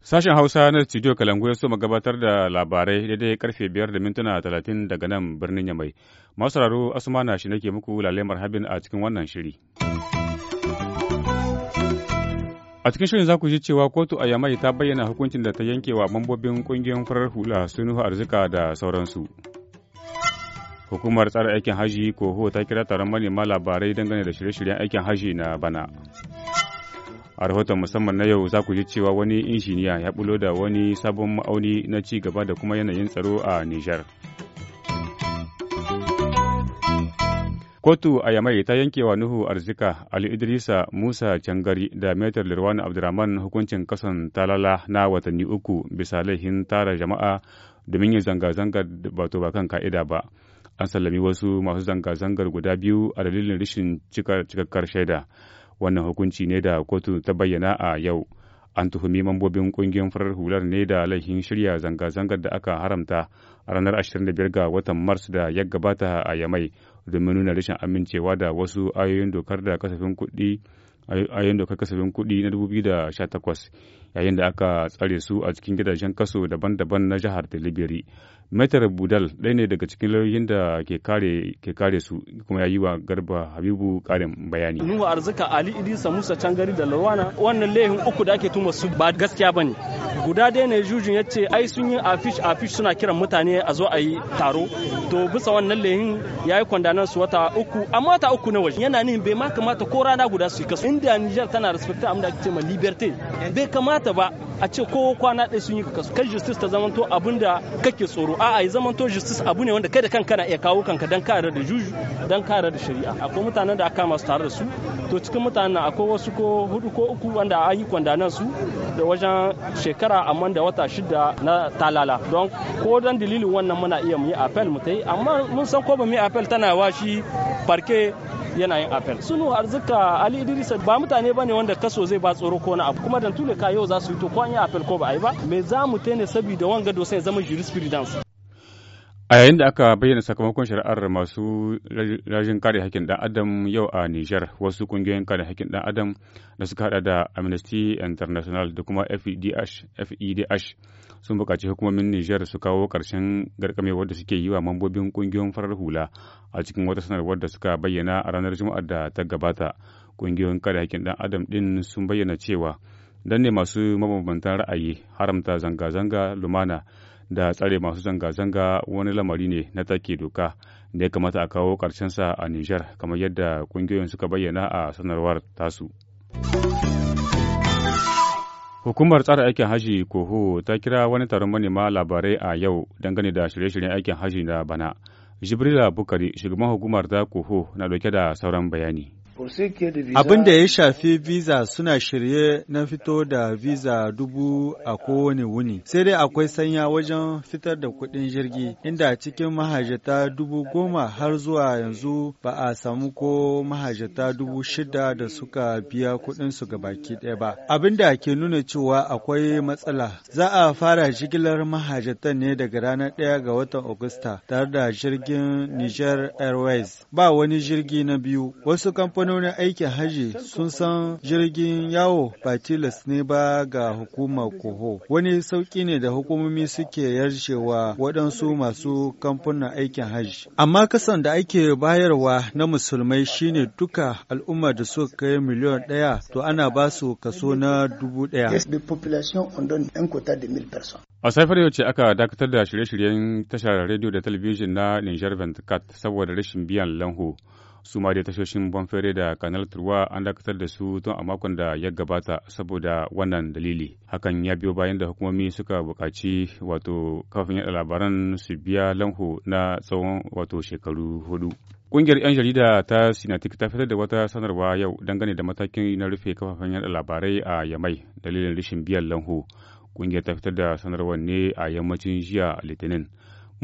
Sashen Hausa na studio Kalangu ya soma gabatar da labarai daidai karfe biyar da mintuna talatin daga nan birnin Yamai. Masu raro Asuma na shi nake muku lalemar habin a cikin wannan shiri. A cikin shirin za ku ji cewa kotu a Yamai ta bayyana hukuncin da ta yanke wa mambobin ƙungiyar farar hula sunuhu arzika da sauransu. Hukumar tsara aikin haji koho ta kira taron manema labarai dangane da shirye-shiryen aikin haji na bana. A rahoton musamman na yau za ku ji cewa wani injiniya ya bulo da wani sabon ma'auni na ci gaba da kuma yanayin tsaro a Nijar. Kotu a Yamai ta yanke wa Nuhu Arzika, Ali Idrisa Musa Cangari da Metar Lirwan Abdurrahman hukuncin kasan talala na watanni uku bisa laihin tara jama'a domin yin zanga-zangar bato ba kan ka'ida ba. An sallami wasu masu zanga-zangar guda biyu a dalilin rashin cikakkar shaida. Wannan hukunci ne da kotu ta bayyana a yau. an tuhumi mambobin kungiyar farar hular ne da laifin shirya zanga-zangar da aka haramta a ranar 25 ga watan mars da ya gabata a yamai domin nuna rashin amincewa da wasu ayoyin dokar da kasafin kuɗi a yayin ka kasafin kuɗi na 2018 yayin da aka tsare su a cikin gidajen kaso daban-daban na jihar Deliberi. matar Budal ɗaya ne daga cikin lauyoyin da ke kare su kuma ya yi wa Garba Habibu ƙarin bayani. Nuhu Arzika Ali idisa Musa can Cangari da Lawana wannan laifin uku da ake tuma su ba gaskiya ne Guda daya ne jujun ya ce ai sun yi afish afish suna kiran mutane a zo a yi taro. To bisa wannan laifin ya yi kwandanan su wata uku amma ta uku na waje yana nihin bai ma kamata ko rana guda su yi kasu. inda Niger tana respecta abin da ake cewa liberté bai kamata ba a ce ko kwana ɗaya sun yi kasu kai justice ta zamanto abin da kake tsoro a'a ya zamanto justice abu ne wanda kai da kanka na iya kawo kanka dan kare da juju dan kare da shari'a akwai mutanen da aka masu tare da su to cikin mutanen akwai wasu ko hudu ko uku wanda a yi kwandanan su da wajen shekara amma da wata shida na talala don ko dan dalilin wannan muna iya mu yi appel mu ta yi amma mun san ko ba mu yi appel tana washi parke yanayin apel sunu arzika ali idrisa ba mutane bane wanda kaso zai ba tsoro ko na abu kuma dan tule ka yau za su yi to ko an yi apel ko ba a ba me za mu tene saboda wanga dosa ya zama jurisprudence A yayin da aka bayyana sakamakon shari'ar masu rajin kare haƙƙin ɗan adam yau a Nijar wasu ƙungiyoyin kare haƙƙin ɗan adam da suka hada da Amnesty International da kuma FEDH e sun buƙaci hukumomin Nijar su kawo ƙarshen garkame da suke yi wa mambobin ƙungiyoyin farar hula a cikin wata sanarwar da suka bayyana a ranar Juma'ar da ta gabata. Ƙungiyoyin kare haƙƙin ɗan adam ɗin sun bayyana cewa dan ne masu mabambantan ra'ayi haramta zanga-zanga lumana da tsare masu zanga-zanga wani lamari ne na take doka da ya kamata a kawo sa a Nijar kamar yadda ƙungiyoyin suka bayyana a sanarwar tasu. Hukumar tsara aikin haji Koho ta kira wani taron manema labarai a yau dangane da shirye-shiryen aikin haji na bana. Jibrila Bukari, shugaban hukumar ta Koho na dauke da sauran bayani. Abin da ya shafi visa suna shirye na fito da visa dubu a kowane wuni. Sai dai akwai sanya wajen fitar da kuɗin jirgi, inda cikin mahajata dubu goma har zuwa yanzu ba a samu ko mahajata dubu shida da suka biya kuɗin su baki ɗaya ba. Abin da ke nuna cewa akwai matsala. Za a fara jigilar mahajatan ne daga ranar ɗaya ga watan Agusta tare da jirgin Niger Airways. Ba wani jirgi na biyu. Wasu kamfani kamfanonin aikin haji sun san jirgin yawo ba tilas ne ba ga hukumar koho. Wani sauƙi ne da hukumomi suke yarshewa waɗansu masu kamfanin aikin hajji. Amma kasan da ake bayarwa na musulmai shine duka al'umma da suka kai miliyon ɗaya to ana ba su kaso na dubu ɗaya. A safar yau ce aka dakatar da shirye-shiryen tashar rediyo da talabijin na Niger Venticat saboda rashin biyan lanhu. su ma dai tashoshin Bonfere da Canal Turwa an dakatar da su tun a makon da ya gabata saboda wannan dalili. Hakan ya biyo bayan da hukumomi suka buƙaci wato kafin yaɗa labaran su biya lanho na tsawon wato shekaru hudu. Ƙungiyar 'yan jarida ta Sinatik ta fitar da wata sanarwa yau dangane da matakin na rufe kafafen yaɗa labarai a Yamai dalilin rashin biyan lanho. Ƙungiyar ta fitar da sanarwar ne a yammacin jiya Litinin.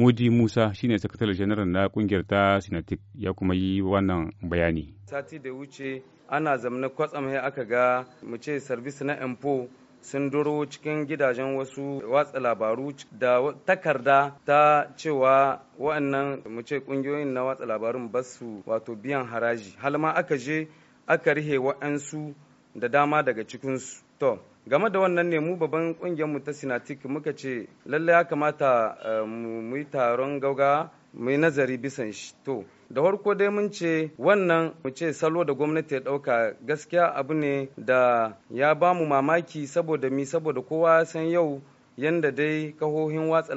Modi Musa shine sakataren janar na kungiyar ta Sinatik ya kuma yi wannan bayani. Sati da wuce ana zamna kwatsam ya aka ga mu ce sarbis na Empo sun duro cikin gidajen wasu watsa labaru da takarda ta cewa wa'annan mu ce kungiyoyin na watsa labarun basu wato biyan haraji. Halma aka je aka rihe wa'ansu da dama daga cikinsu. to game da wannan ne mu babban kungiyarmu ta sinatik muka ce lallai ya kamata eh, mu yi taron gauga mu nazari bisan shi to da farko dai mun ce wannan mu ce salo da gwamnati ya ɗauka gaskiya abu ne da ya ba mu mamaki saboda mi saboda kowa san yau yanda dai kahohin watsa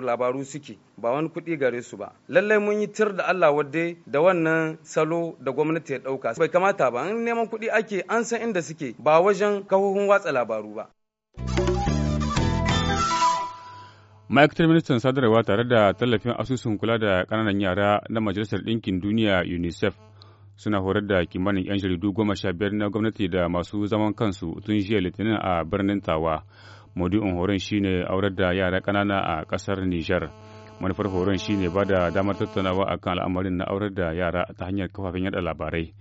labaru suke ba wani kuɗi gare su ba lallai mun yi tir da Allah wadde da wannan salo da gwamnati ya ɗauka bai kamata ba an neman kuɗi ake an san inda suke ba wajen kahohin watsa labaru ba ma'aikatar ministan sadarwa tare da tallafin asusun kula da kananan yara na majalisar ɗinkin duniya unicef suna horar da kimanin 'yan jaridu goma sha biyar na gwamnati da masu zaman kansu tun jiya litinin a birnin tawa maudu'in horon shine aurar da yara ƙanana a ƙasar nijar manufar horon shine ba da damar tattaunawa kan al'amarin na aurar da yara ta hanyar kafafen yada labarai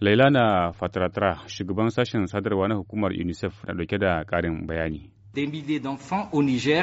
lailana fatratra shugaban sashen sadarwa na hukumar unicef na dauke da ƙarin bayani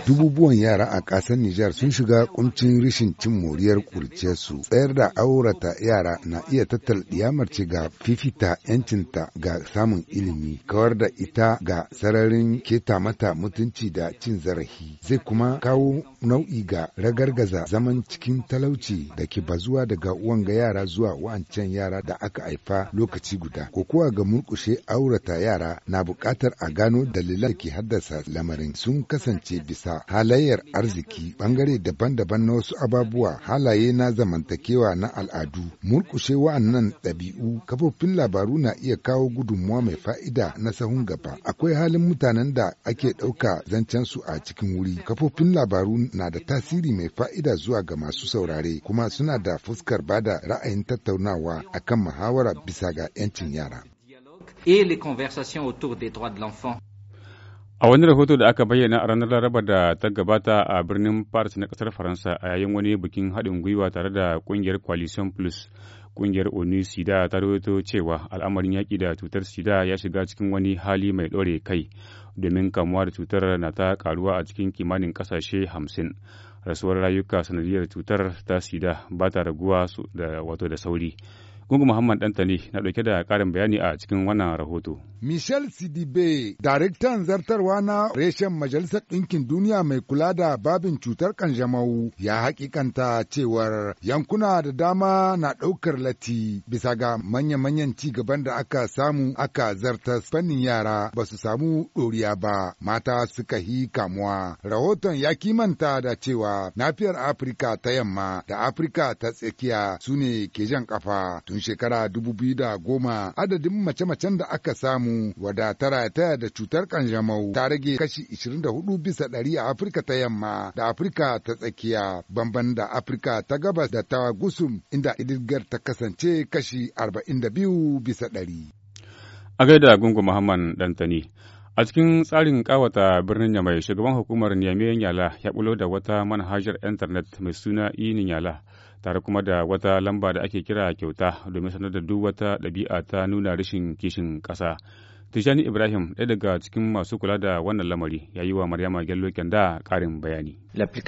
Dububuwan yara a ƙasar Nijar sun shiga kuncin rishin cin moriyar kurciyarsu tsayar da aurata yara na iya tattal ce ga fifita yancinta ga samun ilimi, kawar da ita ga sararin keta mata mutunci da cin zarafi. Zai kuma kawo nau'i ga ragargaza zaman cikin talauci da ke bazuwa daga wanga yara zuwa wancan yara da aka haifa lokaci guda. Kokowa ga murkushe aurata yara na buƙatar a gano dalilan da ke haddasa lamarin sun kasance bisa halayyar arziki bangare daban-daban na wasu ababuwa halaye na zamantakewa na al'adu murkushe wa'annan ɗabi'u kafofin labaru na iya kawo gudunmuwa mai fa'ida na sahun gaba akwai halin mutanen da ake ɗauka zancen su a cikin wuri kafofin labaru na da tasiri mai fa'ida zuwa ga masu saurare kuma suna da fuskar bada ra'ayin tattaunawa akan muhawara bisa ga 'yancin yara. et les conversations autour des droits de l'enfant. A wani rahoto da aka bayyana a ranar Laraba da ta gabata a birnin Paris na kasar Faransa a yayin wani bikin haɗin gwiwa tare da ƙungiyar Coalition Plus, ƙungiyar ONU SIDA ta rahoto cewa al'amarin yaƙi da cutar SIDA ya shiga cikin wani hali mai ɗore kai domin kamuwa da cutar na ta karuwa a cikin kimanin ƙasashe hamsin. Rasuwar rayuka sanadiyar cutar ta SIDA ba ta raguwa da wato da sauri. Gungun Muhammad Dantani na ɗauke da ƙarin bayani a cikin wannan rahoto. Michel Sidibe, daraktan zartarwa na reshen Majalisar Ɗinkin Duniya mai kula da babin cutar kanjamau ya hakikanta cewar yankuna da dama na ɗaukar lati bisa ga manya-manyan ci gaban da aka samu aka zarta fannin yara ba su samu ɗoriya ba mata suka hi kamuwa. Rahoton ya kimanta da cewa nafiyar Afirka ta yamma da Afirka ta tsakiya su ne ke jan ƙafa. Tun shekara dubu biyu da goma adadin mace-macen da aka samu wadatara ta da cutar kanjamau ta rage kashi 24 bisa ɗari a Afirka ta yamma da Afirka ta tsakiya bamban da Afirka ta gabas da ta gusum inda idilgar ta kasance kashi 42 bisa ɗari. A gaida gungun Muhammad Dantani. A cikin tsarin kawata birnin Yamai, shugaban hukumar Niamey Yala ya bulo da wata manhajar intanet mai suna Inin Yala, tare kuma da wata lamba da ake kira kyauta domin sanar da duk wata ɗabi'a ta nuna rashin kishin ƙasa. Tijani Ibrahim, ɗaya daga cikin masu kula da wannan lamari, ya yi wa Maryama Gello Kenda ƙarin bayani.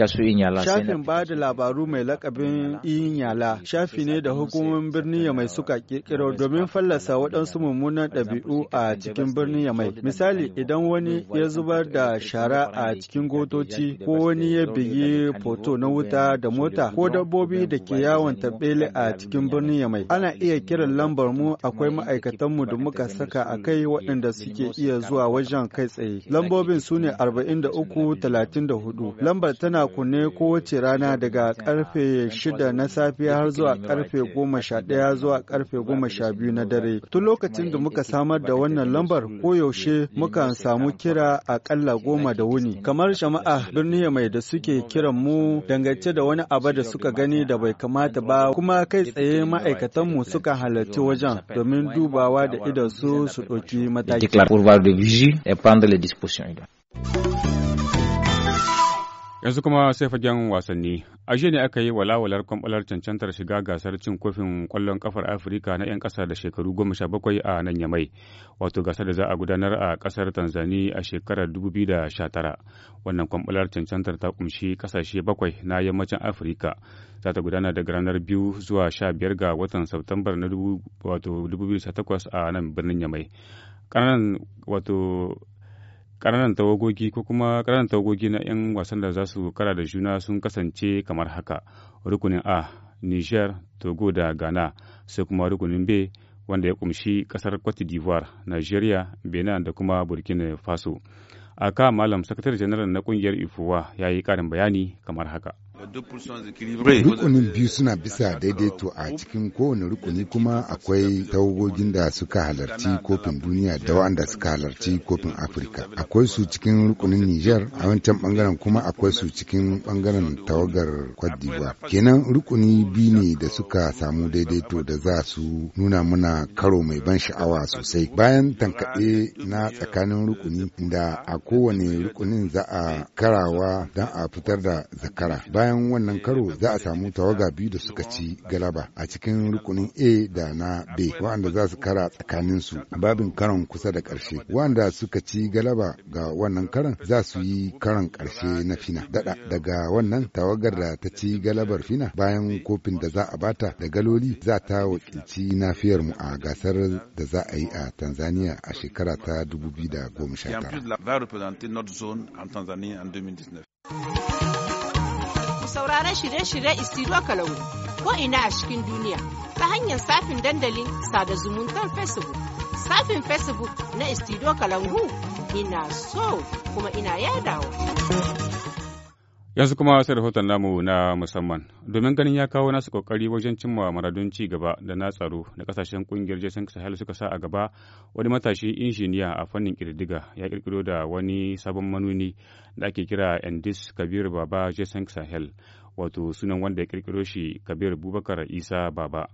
su Inyala. Shafin ba da labaru mai lakabin Inyala shafi ne da hukumomin birnin Yamai suka kirkiro domin fallasa waɗansu mummunan ɗabi'u a cikin birnin Yamai. Misali idan wani ya zubar da shara a cikin gotoci ko wani ya bigi foto na wuta da mota ko dabbobi da ke yawon taɓele a cikin birnin Yamai. Ana iya kiran lambar mu akwai ma'aikatanmu da muka saka a kai waɗanda suke iya zuwa wajen kai tsaye. Lambobin su ne 43 34 lambar tana kunne kowace rana daga karfe shida na safiya har zuwa karfe goma sha ɗaya zuwa karfe goma sha biyu na dare. Tun lokacin da muka samar da wannan lambar koyaushe mukan samu kira akalla goma da wuni. Kamar jama'a birni mai da suke kiran mu dangance da wani abu da suka gani da bai kamata ba kuma kai tsaye ma'aikatanmu suka halarci wajen domin dubawa da idan su su ɗauki mataki. yanzu kuma sai fagen wasanni a jiya ne aka yi walawalar kwamɓalar cancantar shiga gasar cin kofin kwallon kafar afirka na 'yan kasa da shekaru goma sha bakwai a nan yamai wato gasar da za a gudanar a kasar tanzani a shekarar tara wannan kwamɓalar cancantar ta kumshi kasashe bakwai na yammacin afirka za ta gudana daga ranar biyu zuwa sha biyar ga watan Satumbar na 2018 a nan birnin yamai ƙananan wato ƙananan tawagogi ko kuma ƙananan tawagogi na 'yan wasan da za su kara da juna sun kasance kamar haka rukunin a niger togo da ghana sai kuma rukunin b wanda ya kumshi ƙasar cote d'ivoire nigeria benin da kuma burkina faso aka malam sakatare janar na ƙungiyar ifowa ya yi ƙarin bayani kamar haka Rukunin biyu suna bisa daidaito a cikin kowane rukuni kuma akwai tawagogin da suka halarci kofin duniya da wanda suka halarci kofin Afirka. Akwai su cikin rukunin Nijar a wancan bangaren kuma akwai su cikin bangaren tawagar Cote Kenan rukuni biyu ne da suka samu daidaito da za su nuna mana karo mai ban sha'awa sosai. Bayan tankaɗe na tsakanin rukuni da a kowane rukunin za a karawa don a fitar da zakara. Bayan bayan wannan karo za a samu tawaga biyu da suka ci galaba a cikin rukunin A da na B waɗanda za su kara tsakanin su a babin karon kusa da karshe waɗanda suka ci galaba ga wannan karon za su yi karon karshe na fina dada daga wannan tawagar da ta ci galabar fina bayan kofin da za a bata da galoli za ta wakilci nafiyar mu a gasar da za a yi a Tanzania a shekara ta 2019. sauraron shirye-shirye Isiro Kalangu ko ina a cikin duniya ta hanyar safin dandalin sada zumuntar Facebook. Safin Facebook na istido Kalangu ina so kuma ina yadawa. Yanzu kuma sai rahoton namu na musamman domin ganin ya kawo nasu kokari wajen cimma maradun ci gaba da na tsaro da kasashen kungiyar jason sahel suka sa a gaba wani matashi injiniya a fannin kirdiga ya kirkiro da wani sabon manuni da ake kira endis kabir baba jason sahel wato sunan wanda ya kirkiro shi kabir bubakar isa baba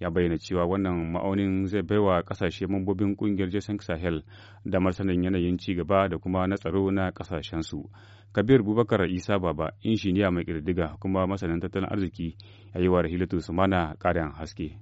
ya bayyana cewa wannan ma'aunin zai baiwa kasashe mambobin kungiyar jason sahel damar sanin yanayin ci gaba da kuma na tsaro na kasashensu kabir bubakar isa baba injiniya mai kirdiga kuma masanin tattalin arziki ya yi wa rahilatu sumana ƙarin haske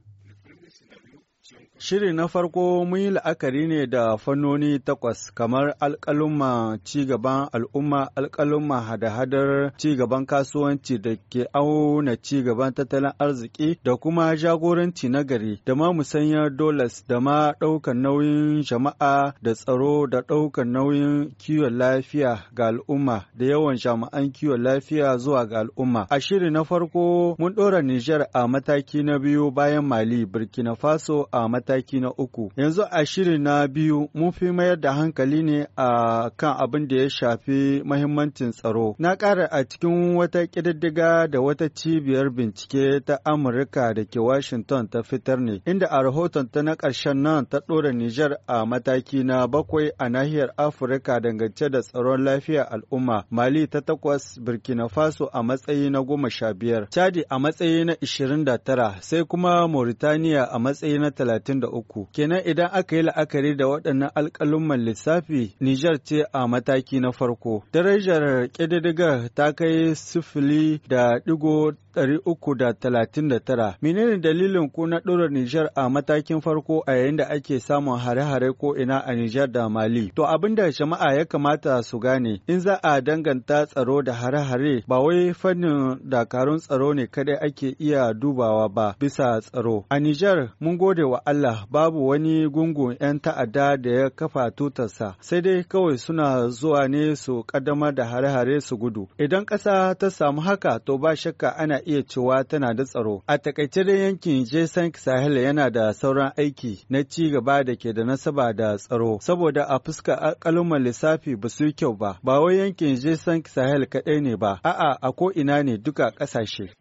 Shiri na farko mun yi la'akari ne da fannoni takwas kamar alƙalumma cigaban al'umma alƙalumma hada-hadar cigaban kasuwanci da ke auna cigaban tattalin arziki da kuma jagoranci nagari, gari da ma musanyar dolas da ma ɗaukar nauyin jama'a da tsaro da ɗaukar nauyin kiwon lafiya ga al'umma da yawan jama'an kiwon lafiya zuwa ga al'umma. A shiri na farko mun ɗora Nijar a mataki na biyu bayan Mali, Burkina Faso a mataki mataki na uku. Yanzu a shiri na biyu mun fi mayar da hankali ne a kan abin da ya shafi mahimmancin tsaro. Na ƙara a cikin wata ƙididdiga da wata cibiyar bincike ta Amurka da ke Washington ta fitar ne, inda a rahoton ta na ƙarshen nan ta ɗora Nijar a mataki na bakwai a nahiyar Afirka dangance da tsaron lafiya al'umma, Mali ta takwas, Burkina Faso a matsayi na goma sha biyar, Chadi a matsayi na ishirin da tara, sai kuma Mauritania a matsayi na talatin uku. Kenan idan aka yi la'akari da waɗannan alƙalumman lissafi, Nijar ce a mataki na farko. Darajar ƙididdigar ta kai sifili da ɗigo tara. Menene dalilin ku na ɗora Nijar a matakin farko a yayin da ake samun hare-hare ko ina a Nijar da Mali? To abin da jama'a ya kamata su gane, in za a danganta tsaro da hare-hare ba wai fannin dakarun tsaro ne kadai ake iya dubawa ba bisa tsaro. A Nijar mun gode wa Allah Allah babu wani gungun 'yan ta'adda da ya kafa tutarsa, sai dai kawai suna zuwa ne su ƙaddamar da hare-hare su gudu. Idan ƙasa ta samu haka to ba shakka ana iya cewa tana da tsaro. A takaice dai yankin Jason Sahel yana da sauran aiki na ci gaba da ke da nasaba da tsaro, saboda a fuska alƙaluman lissafi ba su yi kyau ba, ba wai yankin Jason Sahel kaɗai ne ba, a'a a ko ina ne duka ƙasashe.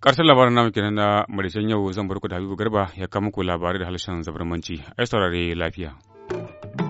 karshen labarin namu kenan na Marishan yau zan barku da Habibu Garba ya kama muku labarai da halshen zabarmanci. Ai saurare lafiya.